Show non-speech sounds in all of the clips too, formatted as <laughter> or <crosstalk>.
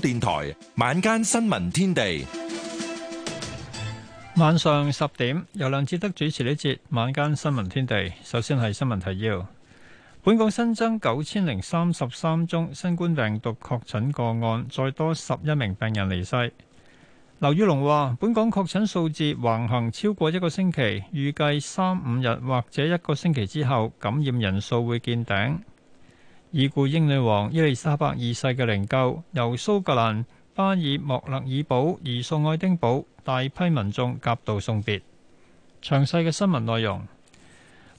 電台晚間新聞天地，晚上十點由梁智德主持呢節晚間新聞天地。首先係新聞提要。本港新增九千零三十三宗新冠病毒確診個案，再多十一名病人離世。劉宇龍話，本港確診數字橫行超過一個星期，預計三五日或者一個星期之後，感染人數會見頂。已故英女王伊麗莎白二世嘅靈柩由蘇格蘭巴爾莫勒爾堡移送愛丁堡，大批民眾夾道送別。詳細嘅新聞內容。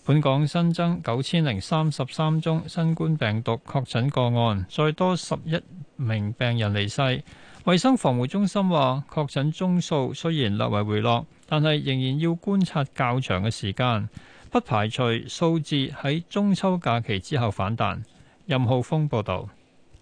本港新增九千零三十三宗新冠病毒確診個案，再多十一名病人離世。衛生防護中心話，確診宗數雖然略為回落，但係仍然要觀察較長嘅時間，不排除數字喺中秋假期之後反彈。任浩峰報道。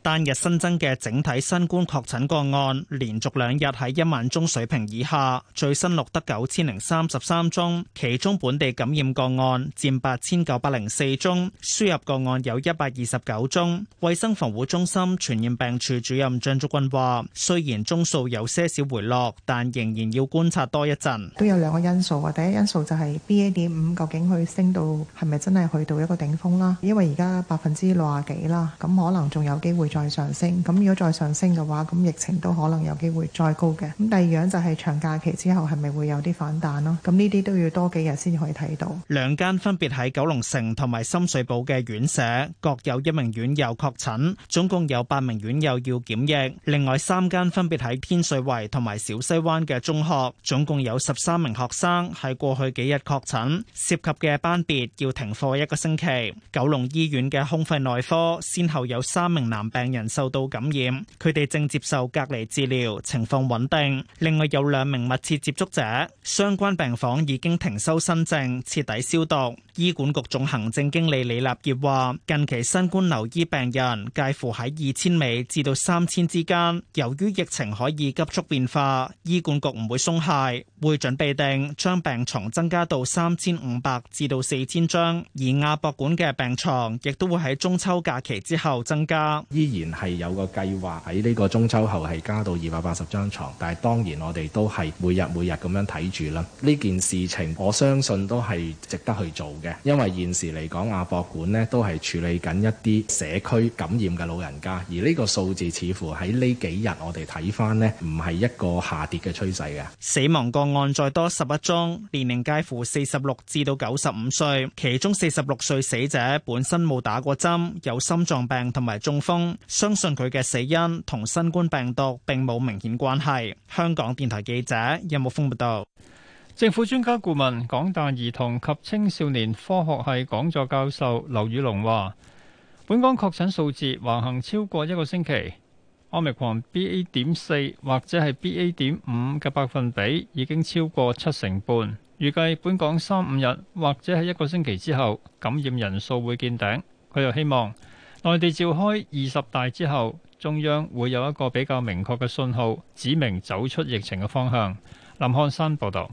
單日新增嘅整體新冠確診個案，連續兩日喺一萬宗水平以下。最新錄得九千零三十三宗，其中本地感染個案佔八千九百零四宗，輸入個案有一百二十九宗。衛生防護中心傳染病處主任張竹君話：雖然宗數有些少回落，但仍然要觀察多一陣。都有兩個因素啊，第一因素就係 B A 點五究竟佢升到係咪真係去到一個頂峰啦？因為而家百分之六十幾啦，咁可能仲有機會。再上升，咁如果再上升嘅話，咁疫情都可能有機會再高嘅。咁第二樣就係長假期之後，係咪會有啲反彈咯？咁呢啲都要多幾日先可以睇到。兩間分別喺九龍城同埋深水埗嘅院舍，各有一名院友確診，總共有八名院友要檢疫。另外三間分別喺天水圍同埋小西灣嘅中學，總共有十三名學生喺過去幾日確診，涉及嘅班別要停課一個星期。九龍醫院嘅胸肺內科先後有三名男病。病人受到感染，佢哋正接受隔離治療，情況穩定。另外有兩名密切接觸者，相關病房已經停收新症，徹底消毒。醫管局總行政經理李立業話，近期新冠留醫病人介乎喺二千尾至到三千之間。由於疫情可以急速變化，醫管局唔會鬆懈，會準備定將病床增加到三千五百至到四千張。而亞博館嘅病床亦都會喺中秋假期之後增加。然係有個計劃喺呢個中秋後係加到二百八十張床，但係當然我哋都係每日每日咁樣睇住啦。呢件事情我相信都係值得去做嘅，因為現時嚟講亞博館咧都係處理緊一啲社區感染嘅老人家，而呢個數字似乎喺呢幾日我哋睇翻咧，唔係一個下跌嘅趨勢嘅。死亡個案再多十一宗，年齡介乎四十六至到九十五歲，其中四十六歲死者本身冇打過針，有心臟病同埋中風。相信佢嘅死因同新冠病毒並冇明顯關係。香港電台記者任木峰報道，政府專家顧問、港大兒童及青少年科學系講座教授劉宇龍話，本港確診數字橫行超過一個星期，Omicron BA 點四或者係 BA 點五嘅百分比已經超過七成半，預計本港三五日或者係一個星期之後，感染人數會見頂。佢又希望。內地召開二十大之後，中央會有一個比較明確嘅信號，指明走出疫情嘅方向。林漢山報導，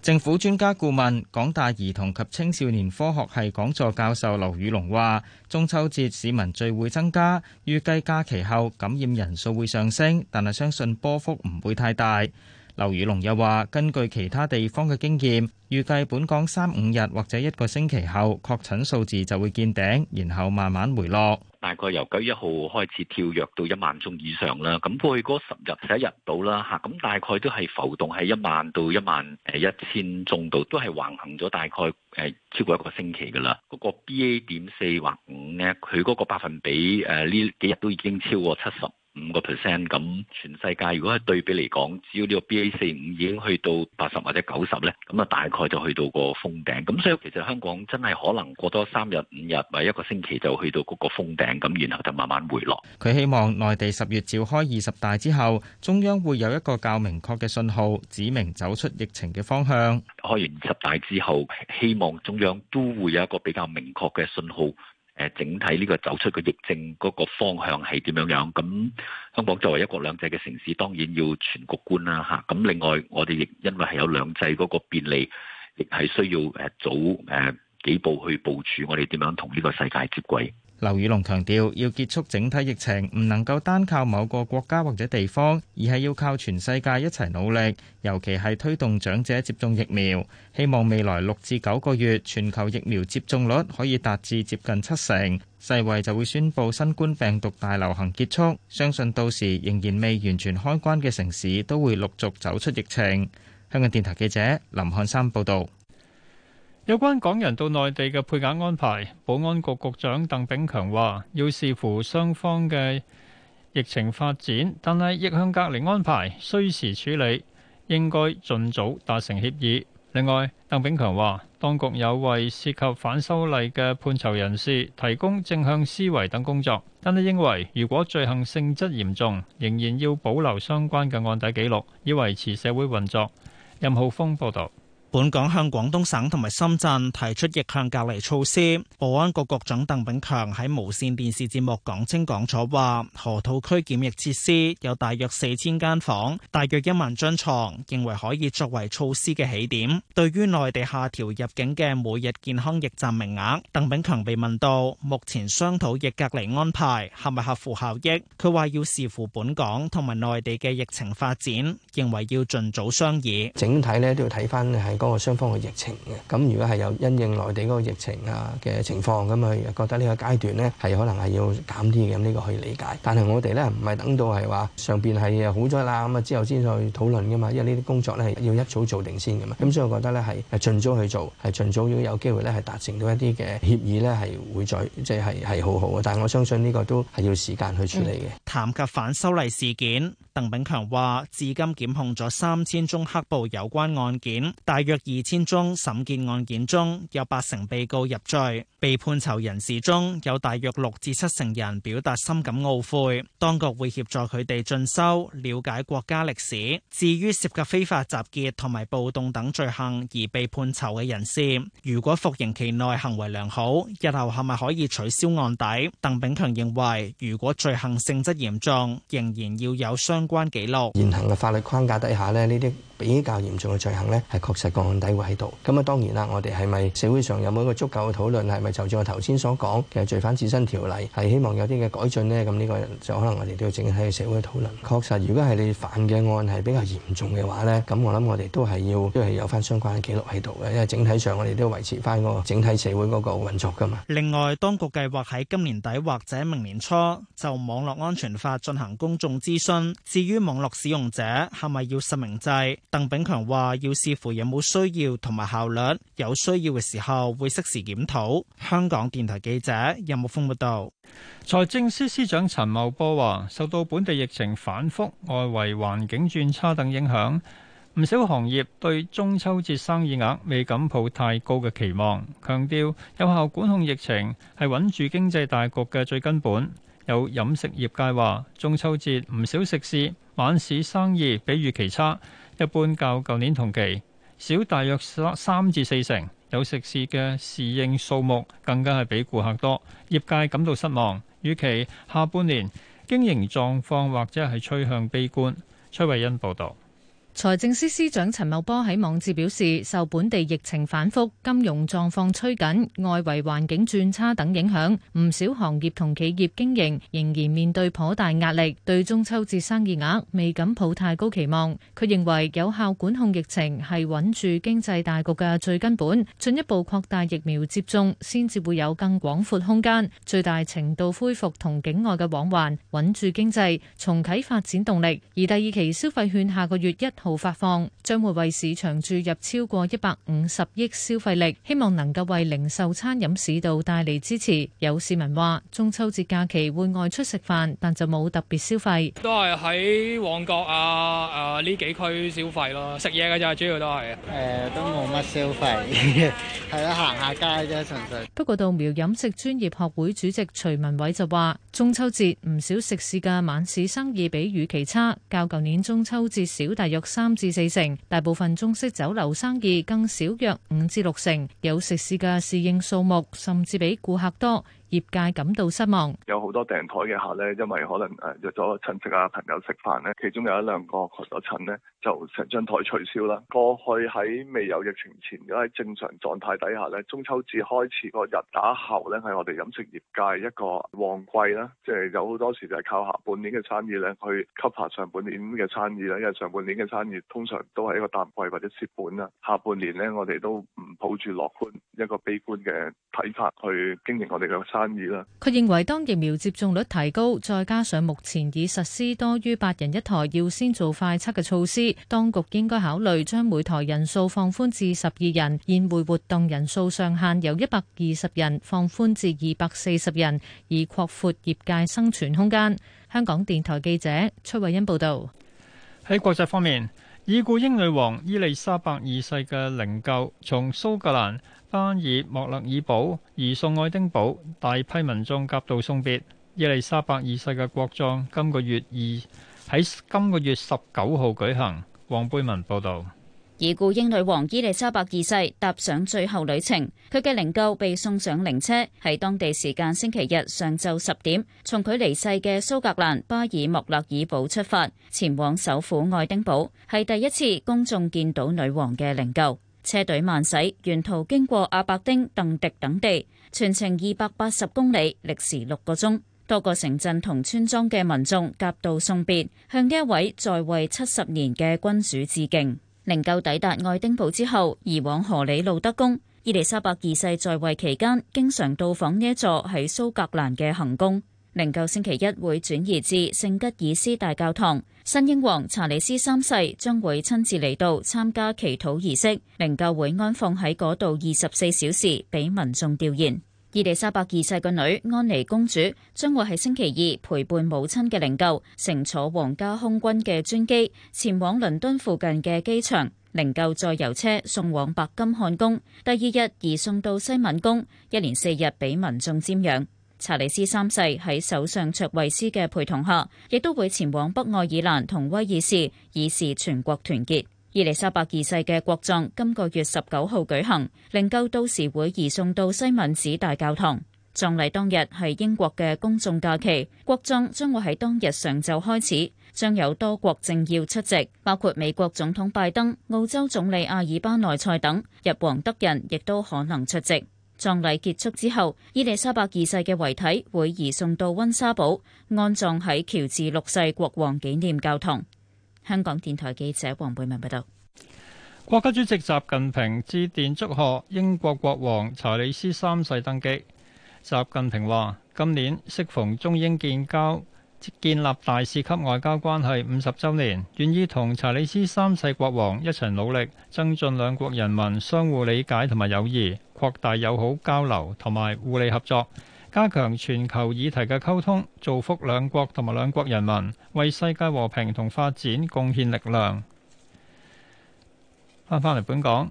政府專家顧問、港大兒童及青少年科學系講座教授劉宇龍話，中秋節市民聚會增加，預計假期後感染人數會上升，但係相信波幅唔會太大。劉宇龍又話，根據其他地方嘅經驗，預計本港三五日或者一個星期後，確診數字就會見頂，然後慢慢回落。大概由九月一號開始跳躍到一萬宗以上啦，咁過去嗰十日、十一日到啦吓，咁大概都係浮動喺一萬到一萬誒一千宗度，都係橫行咗大概誒超過一個星期噶啦。嗰個 B A 點四或五呢，佢嗰個百分比誒呢幾日都已經超過七十。五個 percent 咁，全世界如果係對比嚟講，只要呢個 BA 四五已經去到八十或者九十呢，咁啊大概就去到個封頂。咁所以其實香港真係可能過多三日五日或一個星期就去到嗰個封頂，咁然後就慢慢回落。佢希望內地十月召開二十大之後，中央會有一個較明確嘅信號，指明走出疫情嘅方向。開完二十大之後，希望中央都會有一個比較明確嘅信號。誒，整體呢個走出個疫症嗰個方向係點樣樣？咁香港作為一國兩制嘅城市，當然要全局觀啦吓。咁另外，我哋亦因為係有兩制嗰個便利，亦係需要誒早誒幾步去部署，我哋點樣同呢個世界接軌？劉宇龍強調，要結束整體疫情，唔能夠單靠某個國家或者地方，而係要靠全世界一齊努力。尤其係推動長者接種疫苗，希望未來六至九個月，全球疫苗接種率可以達至接近七成，世衛就會宣布新冠病毒大流行結束。相信到時仍然未完全開關嘅城市，都會陸續走出疫情。香港電台記者林漢山報道。有關港人到內地嘅配額安排，保安局局長鄧炳強話：要視乎雙方嘅疫情發展，但係逆向隔離安排需時處理，應該盡早達成協議。另外，鄧炳強話，當局有為涉及反修例嘅判囚人士提供正向思維等工作，但係認為如果罪行性質嚴重，仍然要保留相關嘅案底記錄，以維持社會運作。任浩峰報道。本港向廣東省同埋深圳提出逆向隔離措施。保安局局長鄧炳強喺無綫電視節目講清講楚話，河套區檢疫設施有大約四千間房，大約一萬張床，認為可以作為措施嘅起點。對於內地下調入境嘅每日健康驛站名額，鄧炳強被問到目前商討逆隔離安排合唔合乎效益，佢話要視乎本港同埋內地嘅疫情發展，認為要盡早商議。整體呢都要睇翻係嗰、那個雙方嘅疫情嘅，咁如果係有因應內地嗰個疫情啊嘅情況，咁佢覺得呢個階段咧係可能係要減啲嘅，咁、這、呢個可以理解。但係我哋咧唔係等到係話上邊係好咗啦，咁啊之後先再討論嘅嘛，因為呢啲工作咧係要一早做定先嘅嘛。咁所以我覺得咧係係盡早去做，係盡早如果有機會咧係達成到一啲嘅協議咧係會再即係係好好嘅。但係我相信呢個都係要時間去處理嘅、嗯。談及反修例事件。鄧炳強話：至今檢控咗三千宗黑暴有關案件，大約二千宗審結案件中有八成被告入罪，被判囚人士中有大約六至七成人表達深感懊悔。當局會協助佢哋進修、了解國家歷史。至於涉及非法集結同埋暴動等罪行而被判囚嘅人士，如果服刑期內行為良好，日後係咪可以取消案底？鄧炳強認為，如果罪行性質嚴重，仍然要有相。相關記錄，現行嘅法律框架底下呢，呢啲。依啲較嚴重嘅罪行呢，係確實個案底會喺度。咁啊，當然啦，我哋係咪社會上有冇一個足夠嘅討論？係咪就照我頭先所講嘅罪犯自身條例，係希望有啲嘅改進呢？咁呢個人就可能我哋都要整體嘅社會討論。確實，如果係你犯嘅案係比較嚴重嘅話呢，咁我諗我哋都係要都係有翻相關嘅記錄喺度嘅，因為整體上我哋都要維持翻個整體社會嗰個運作噶嘛。另外，當局計劃喺今年底或者明年初就網絡安全法進行公眾諮詢。至於網絡使用者係咪要實名制？鄧炳強話：要視乎有冇需要同埋效率，有需要嘅時候會適時檢討。香港電台記者任木峰報道。財政司司長陳茂波話：受到本地疫情反覆、外圍環境轉差等影響，唔少行業對中秋節生意額未敢抱太高嘅期望。強調有效管控疫情係穩住經濟大局嘅最根本。有飲食業界話：中秋節唔少食肆晚市生意比預期差。一般較舊年同期少大約三至四成，有食肆嘅侍應數目更加係比顧客多，業界感到失望，預期下半年經營狀況或者係趨向悲觀。崔慧欣報道。財政司司長陳茂波喺網誌表示，受本地疫情反覆、金融狀況趨緊、外圍環境轉差等影響，唔少行業同企業經營仍然面對頗大壓力，對中秋節生意額未敢抱太高期望。佢認為有效管控疫情係穩住經濟大局嘅最根本，進一步擴大疫苗接種，先至會有更廣闊空間，最大程度恢復同境外嘅往還，穩住經濟，重啟發展動力。而第二期消費券下個月一號發放，將會為市場注入超過一百五十億消費力，希望能夠為零售餐飲市道帶嚟支持。有市民話：中秋節假期會外出食飯，但就冇特別消費，都係喺旺角啊誒呢、啊、幾區消費咯，食嘢嘅就主要都係誒、嗯，都冇乜消費，係啊行下街啫，純粹。不過稻苗飲食專業學會主席徐文偉就話：中秋節唔少食肆嘅晚市生意比預期差，較舊年中秋節少大約。三至四成，大部分中式酒樓生意更少，約五至六成。有食肆嘅侍應數目甚至比顧客多。業界感到失望，有好多訂台嘅客咧，因為可能誒約咗親戚啊朋友食飯咧，其中有一兩個確咗診咧，就成張台取消啦。過去喺未有疫情前，喺正常狀態底下咧，中秋節開始個日打後咧，係我哋飲食業界一個旺季啦，即係有好多時就係靠下半年嘅生意咧去吸下上半年嘅生意啦，因為上半年嘅生意通常都係一個淡季或者蝕本啦。下半年咧，我哋都唔抱住樂觀一個悲觀嘅睇法去經營我哋嘅生意。佢認為，當疫苗接種率提高，再加上目前已實施多於八人一枱要先做快測嘅措施，當局應該考慮將每枱人數放寬至十二人，宴會活動人數上限由一百二十人放寬至二百四十人，以擴闊業界生存空間。香港電台記者崔慧欣報導。喺國際方面，已故英女王伊麗莎白二世嘅靈柩從蘇格蘭巴爾莫勒爾堡，移送愛丁堡。大批民眾夾道送別伊麗莎白二世嘅國葬，今個月二喺今個月十九號舉行。黃貝文報道。已故英女王伊麗莎白二世踏上最後旅程，佢嘅靈柩被送上靈車，喺當地時間星期日上晝十點，從佢離世嘅蘇格蘭巴爾莫勒爾堡出發，前往首府愛丁堡，係第一次公眾見到女王嘅靈柩。車隊慢駛，沿途經過阿伯丁、鄧迪等地，全程二百八十公里，歷時六個鐘。多個城鎮同村莊嘅民眾夾道送別，向呢一位在位七十年嘅君主致敬。靈柩抵達愛丁堡之後，移往荷里路德宮。伊利莎白二世在位期間，經常到訪呢一座喺蘇格蘭嘅行宮。靈柩星期一會轉移至聖吉爾斯大教堂。新英皇查理斯三世將會親自嚟到參加祈禱儀式，靈柩會安放喺嗰度二十四小時俾民眾弔唁。伊麗莎白二世個女安妮公主將會喺星期二陪伴母親嘅靈柩，乘坐皇家空軍嘅專機前往倫敦附近嘅機場，靈柩再由車送往白金漢宮，第二日移送到西敏宮，一連四日俾民眾瞻仰。查理斯三世喺首相卓慧思嘅陪同下，亦都會前往北愛爾蘭同威爾士，以示全國團結。伊麗莎白二世嘅國葬今個月十九號舉行，靈柩到時會移送到西敏寺大教堂。葬禮當日係英國嘅公眾假期，國葬將會喺當日上晝開始，將有多國政要出席，包括美國總統拜登、澳洲總理阿爾巴內塞等，日皇德仁亦都可能出席。葬禮結束之後，伊麗莎白二世嘅遺體會移送到溫莎堡安葬喺喬治六世國王紀念教堂。香港電台記者黃貝文報道。國家主席習近平致電祝賀英國國王查理斯三世登基。習近平話：今年適逢中英建交，建立大使級外交關係五十周年，願意同查理斯三世國王一齊努力，增進兩國人民相互理解同埋友誼，擴大友好交流同埋互利合作，加強全球議題嘅溝通，造福兩國同埋兩國人民，為世界和平同發展貢獻力量。翻返嚟本港，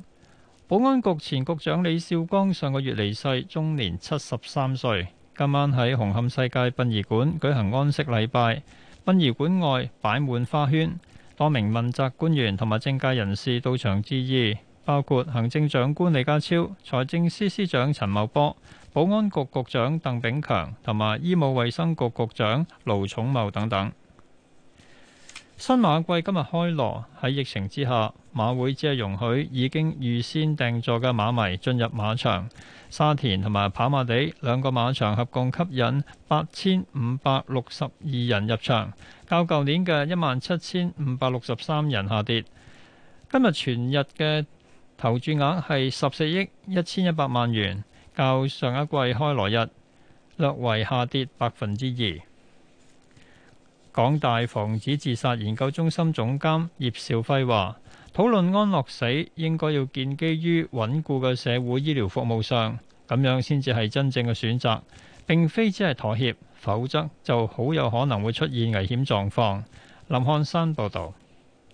保安局前局長李少光上個月離世，終年七十三歲。今晚喺紅磡世界殯儀館舉行安息禮拜，殯儀館外擺滿花圈，多名問責官員同埋政界人士到場致意，包括行政長官李家超、財政司司,司長陳茂波、保安局局,局長鄧炳強同埋醫務衛生局局,局長盧寵茂等等。新馬季今日開鑼，喺疫情之下，馬會只係容許已經預先訂座嘅馬迷進入馬場。沙田同埋跑馬地兩個馬場合共吸引八千五百六十二人入場，較舊年嘅一萬七千五百六十三人下跌。今日全日嘅投注額係十四億一千一百萬元，較上一季開鑼日略為下跌百分之二。港大防止自殺研究中心總監葉兆輝話：討論安樂死應該要建基於穩固嘅社會醫療服務上，咁樣先至係真正嘅選擇，並非只係妥協，否則就好有可能會出現危險狀況。林漢山報導，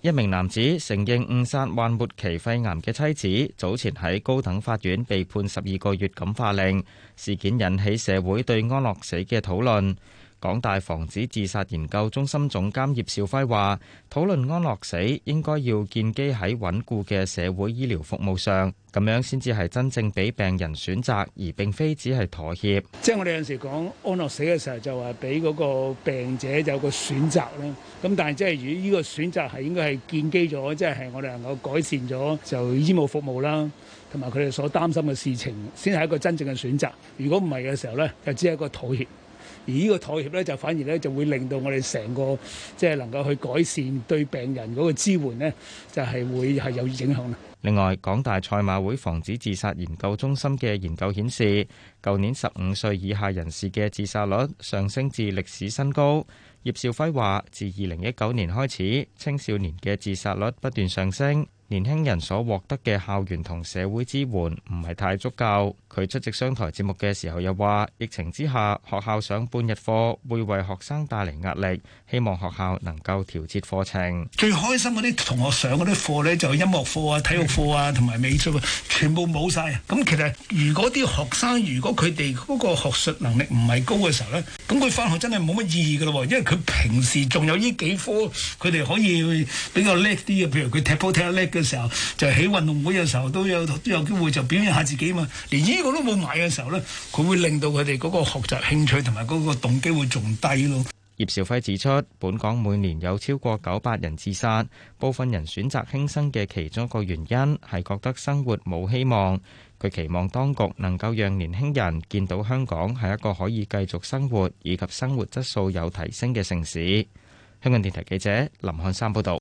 一名男子承認誤殺患末期肺癌嘅妻子，早前喺高等法院被判十二個月感化令。事件引起社會對安樂死嘅討論。港大防止自殺研究中心總監葉兆輝話，討論安樂死應該要建基喺穩固嘅社會醫療服務上，咁樣先至係真正俾病人選擇，而並非只係妥協。即係我哋有陣時講安樂死嘅時候，就話俾嗰個病者有個選擇啦。咁但係即係如果呢個選擇係應該係建基咗，即係我哋能夠改善咗就醫務服務啦，同埋佢哋所擔心嘅事情，先係一個真正嘅選擇。如果唔係嘅時候咧，就只係一個妥協。而呢個妥協咧，就反而咧就會令到我哋成個即係能夠去改善對病人嗰個支援呢，就係會係有影響啦。另外，港大賽馬會防止自殺研究中心嘅研究顯示，舊年十五歲以下人士嘅自殺率上升至歷史新高。葉兆輝話，自二零一九年開始，青少年嘅自殺率不斷上升。年輕人所獲得嘅校園同社會支援唔係太足夠。佢出席商台節目嘅時候又話：疫情之下，學校上半日課會為學生帶嚟壓力。希望學校能夠調節課程。最開心嗰啲同學上嗰啲課呢，就音樂課啊、體育課啊同埋美術啊 <laughs> 全部冇晒。咁其實如果啲學生如果佢哋嗰個學術能力唔係高嘅時候呢，咁佢返學真係冇乜意義噶咯喎。因為佢平時仲有呢幾科，佢哋可以比較叻啲嘅，譬如佢踢波踢得叻。嘅時候就喺運動會嘅時候都有都有機會就表現下自己嘛，連呢個都冇埋嘅時候咧，佢會令到佢哋嗰個學習興趣同埋嗰個動機會仲低咯。葉兆輝指出，本港每年有超過九百人自殺，部分人選擇輕生嘅其中一個原因係覺得生活冇希望。佢期望當局能夠讓年輕人見到香港係一個可以繼續生活以及生活質素有提升嘅城市。香港電台記者林漢山報道。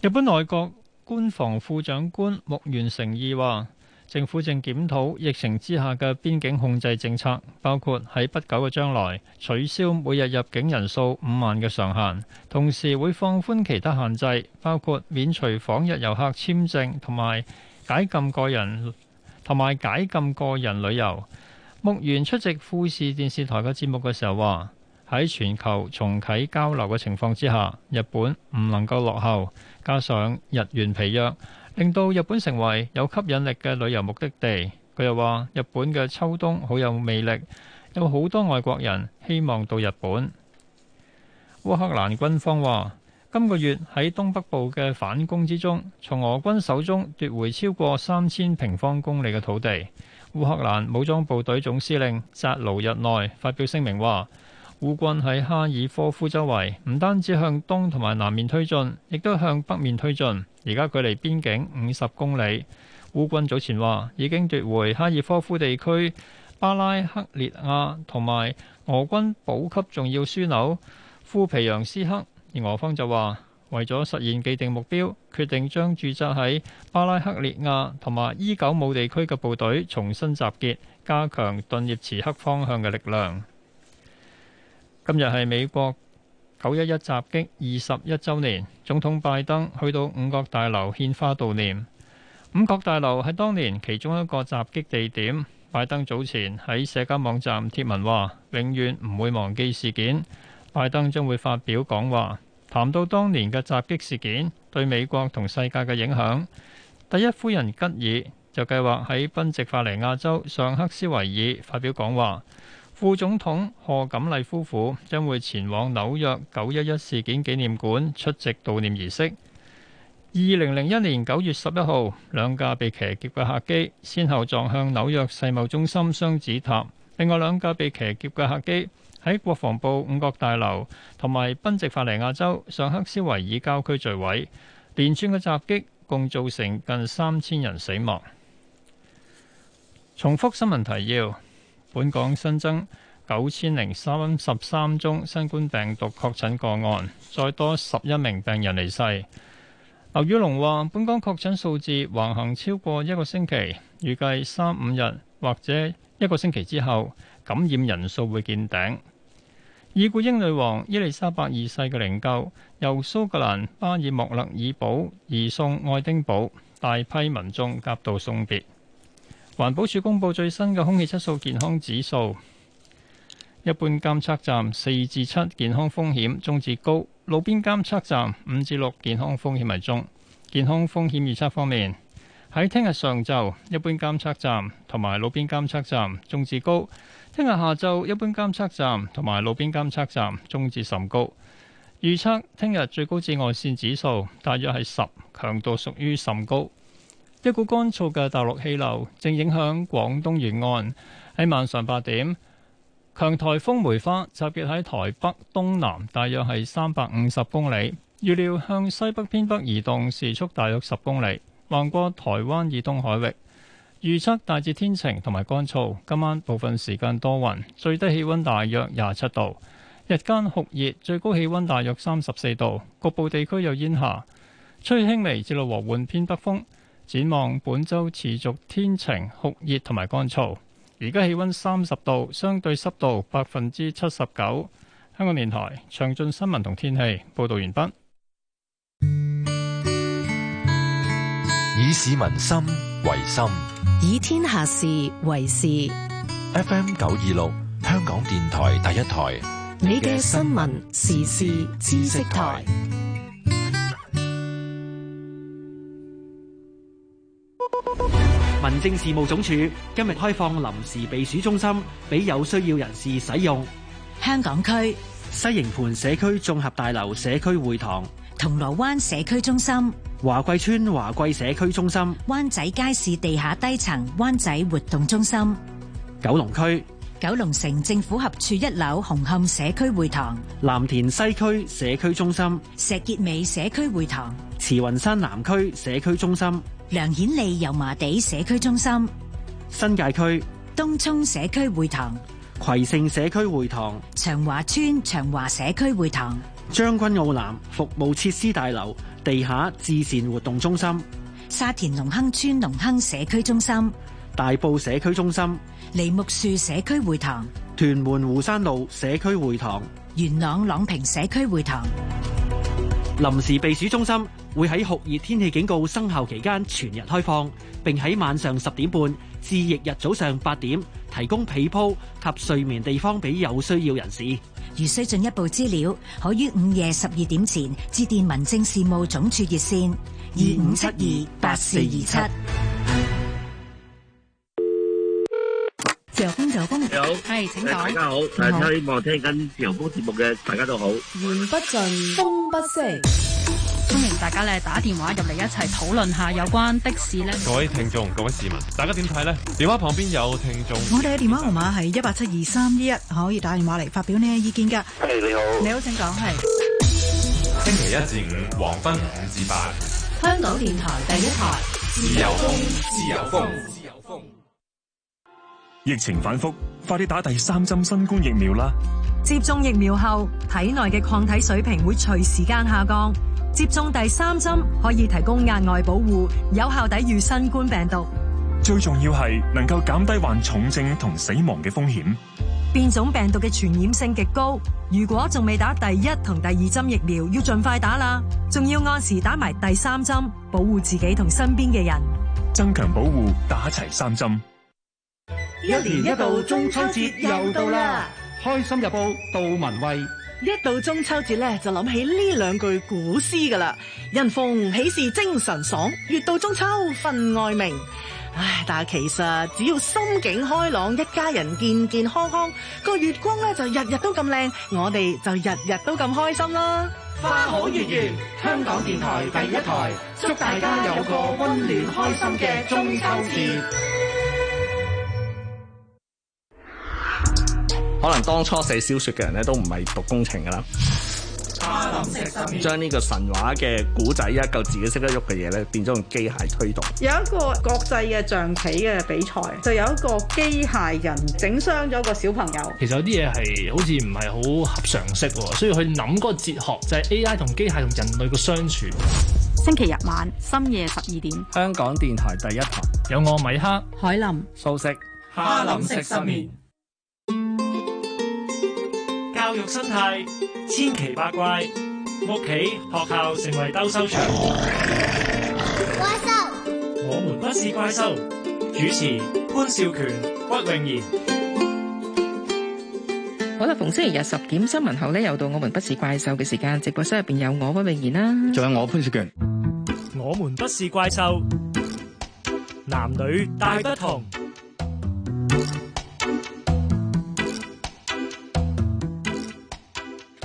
日本內閣官房副長官木原誠意話，政府正檢討疫情之下嘅邊境控制政策，包括喺不久嘅將來取消每日入境人數五萬嘅上限，同時會放寬其他限制，包括免除訪日遊客簽證同埋解禁個人同埋解禁個人旅遊。木原出席富士電視台嘅節目嘅時候話。喺全球重啟交流嘅情況之下，日本唔能夠落後，加上日元疲弱，令到日本成為有吸引力嘅旅遊目的地。佢又話：日本嘅秋冬好有魅力，有好多外國人希望到日本。烏克蘭軍方話：今個月喺東北部嘅反攻之中，從俄軍手中奪回超過三千平方公里嘅土地。烏克蘭武裝部隊總司令扎盧日內發表聲明話：烏軍喺哈爾科夫周圍，唔單止向東同埋南面推進，亦都向北面推進。而家距離邊境五十公里。烏軍早前話已經奪回哈爾科夫地區巴拉克列亞同埋俄軍補給重要樞紐庫皮揚斯克。而俄方就話為咗實現既定目標，決定將駐紮喺巴拉克列亞同埋伊久姆地區嘅部隊重新集結，加強頓涅茨克方向嘅力量。今日係美國九一一襲擊二十一週年，總統拜登去到五角大樓獻花悼念。五角大樓係當年其中一個襲擊地點。拜登早前喺社交網站貼文話：永遠唔會忘記事件。拜登將會發表講話，談到當年嘅襲擊事件對美國同世界嘅影響。第一夫人吉爾就計劃喺賓夕法尼亞州上克斯維爾發表講話。副總統賀錦麗夫婦將會前往紐約九一一事件紀念館出席悼念儀式。二零零一年九月十一號，兩架被騎劫嘅客機先後撞向紐約世貿中心雙子塔，另外兩架被騎劫嘅客機喺國防部五角大樓同埋賓夕法尼亞州上克斯維爾郊區墜毀，連串嘅襲擊共造成近三千人死亡。重複新聞提要。本港新增九千零三十三宗新冠病毒確診個案，再多十一名病人離世。劉宇龍話，本港確診數字橫行超過一個星期，預計三五日或者一個星期之後，感染人數會見頂。已故英女王伊麗莎白二世嘅靈柩由蘇格蘭巴爾莫勒爾堡移送愛丁堡，大批民眾夾道送別。環保署公布最新嘅空氣質素健康指數，一般監測站四至七健康風險中至高，路邊監測站五至六健康風險為中。健康風險預測方面，喺聽日上晝，一般監測站同埋路邊監測站中至高；聽日下晝，一般監測站同埋路邊監測站中至甚高。預測聽日最高紫外線指數大約係十，強度屬於甚高。一股乾燥嘅大陸氣流正影響廣東沿岸。喺晚上八點，強颱風梅花集結喺台北東南，大約係三百五十公里，預料向西北偏北移動，時速大約十公里，橫過台灣以東海域。預測大致天晴同埋乾燥，今晚部分時間多雲，最低氣温大約廿七度，日間酷熱，最高氣温大約三十四度，局部地區有煙霞，吹輕微至到和緩偏北風。展望本周持續天晴酷熱同埋乾燥，而家氣温三十度，相對濕度百分之七十九。香港電台詳盡新聞同天氣報道完畢。以市民心為心，以天下事為事。FM 九二六，香港電台第一台，你嘅新聞時事知識台。民政事務總署今日開放臨時避暑中心，俾有需要人士使用。香港區西營盤社區綜合大樓社區會堂、銅鑼灣社區中心、華貴村華貴社區中心、灣仔街市地下低層灣仔活動中心、九龍區九龍城政府合署一樓紅磡社區會堂、藍田西區社區中心、石硤尾社區會堂、慈雲山南區社區中心。梁顯利油麻地社區中心，新界區東涌社區會堂，葵盛社區會堂，長華村長華社區會堂，將軍澳南服務設施大樓地下自善活動中心，沙田隆亨村隆亨社區中心，大埔社區中心，梨木樹社區會堂，屯門湖山路社區會堂，元朗朗平社區會堂。臨時避暑中心會喺酷熱天氣警告生效期間全日開放，並喺晚上十點半至翌日早上八點提供被鋪及睡眠地方俾有需要人士。如需進一步資料，可於午夜十二點前致電民政事務總署熱線二五七二八四二七。自由風，自由風，係，請講，大家好，係希望聽緊自由風節目嘅大家都好。言不盡，風不息，歡迎大家咧打電話入嚟一齊討論下有關的士咧。各位聽眾，各位市民，大家點睇咧？電話旁邊有聽眾，我哋嘅電話號碼係一八七二三一一，可以打電話嚟發表你嘅意見噶。係你好，你好，請講。係星期一至五黃昏五至八，香港電台第一台，自由風，自由風。疫情反覆，快啲打第三針新冠疫苗啦！接種疫苗後，體內嘅抗體水平會隨時間下降。接種第三針可以提供額外保護，有效抵禦新冠病毒。最重要係能夠減低患重症同死亡嘅風險。變種病毒嘅傳染性極高，如果仲未打第一同第二針疫苗，要盡快打啦！仲要按時打埋第三針，保護自己同身邊嘅人。增強保護，打齊三針。一年一度中秋節又到啦，開心日報杜文慧。一到中秋節咧，就諗起呢兩句古詩噶啦：人逢喜事精神爽，月到中秋分外明。唉，但係其實只要心境開朗，一家人健健康康，個月光咧就日日都咁靚，我哋就日日都咁開心啦。花好月圓，香港電台第一台，祝大家有個温暖開心嘅中秋節。可能當初寫小説嘅人咧，都唔係讀工程㗎啦。哈林式失眠。將呢個神話嘅古仔一嚿自己識得喐嘅嘢咧，變咗用機械推動。有一個國際嘅象棋嘅比賽，就有一個機械人整傷咗個小朋友。其實有啲嘢係好似唔係好合常識的，所以去諗嗰個哲學，就係、是、AI 同機械同人類嘅相處。星期日晚深夜十二點，香港電台第一台有我米克、海林、素食、哈林式失眠。生態千奇百怪，屋企學校成為鬥獸場。怪獸，我們不是怪獸。主持潘少權、屈穎賢。好啦，逢星期日十點新聞後咧，又到我們不是怪獸嘅時間。直播室入邊有我屈穎賢啦，仲有我潘少權。我們不是怪獸，男女大不同。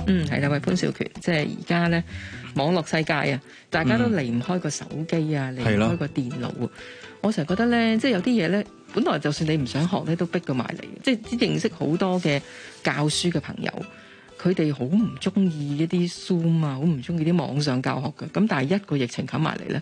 嗯，係啦，喂潘少權，即係而家咧，網絡世界啊，大家都離唔開個手機啊，離、嗯、唔開個電腦啊。我成日覺得咧，即係有啲嘢咧，本來就算你唔想學咧，都逼到埋嚟。即係認識好多嘅教書嘅朋友，佢哋好唔中意，一啲 Zoom 啊，好唔中意啲網上教學嘅。咁但係一個疫情冚埋嚟咧。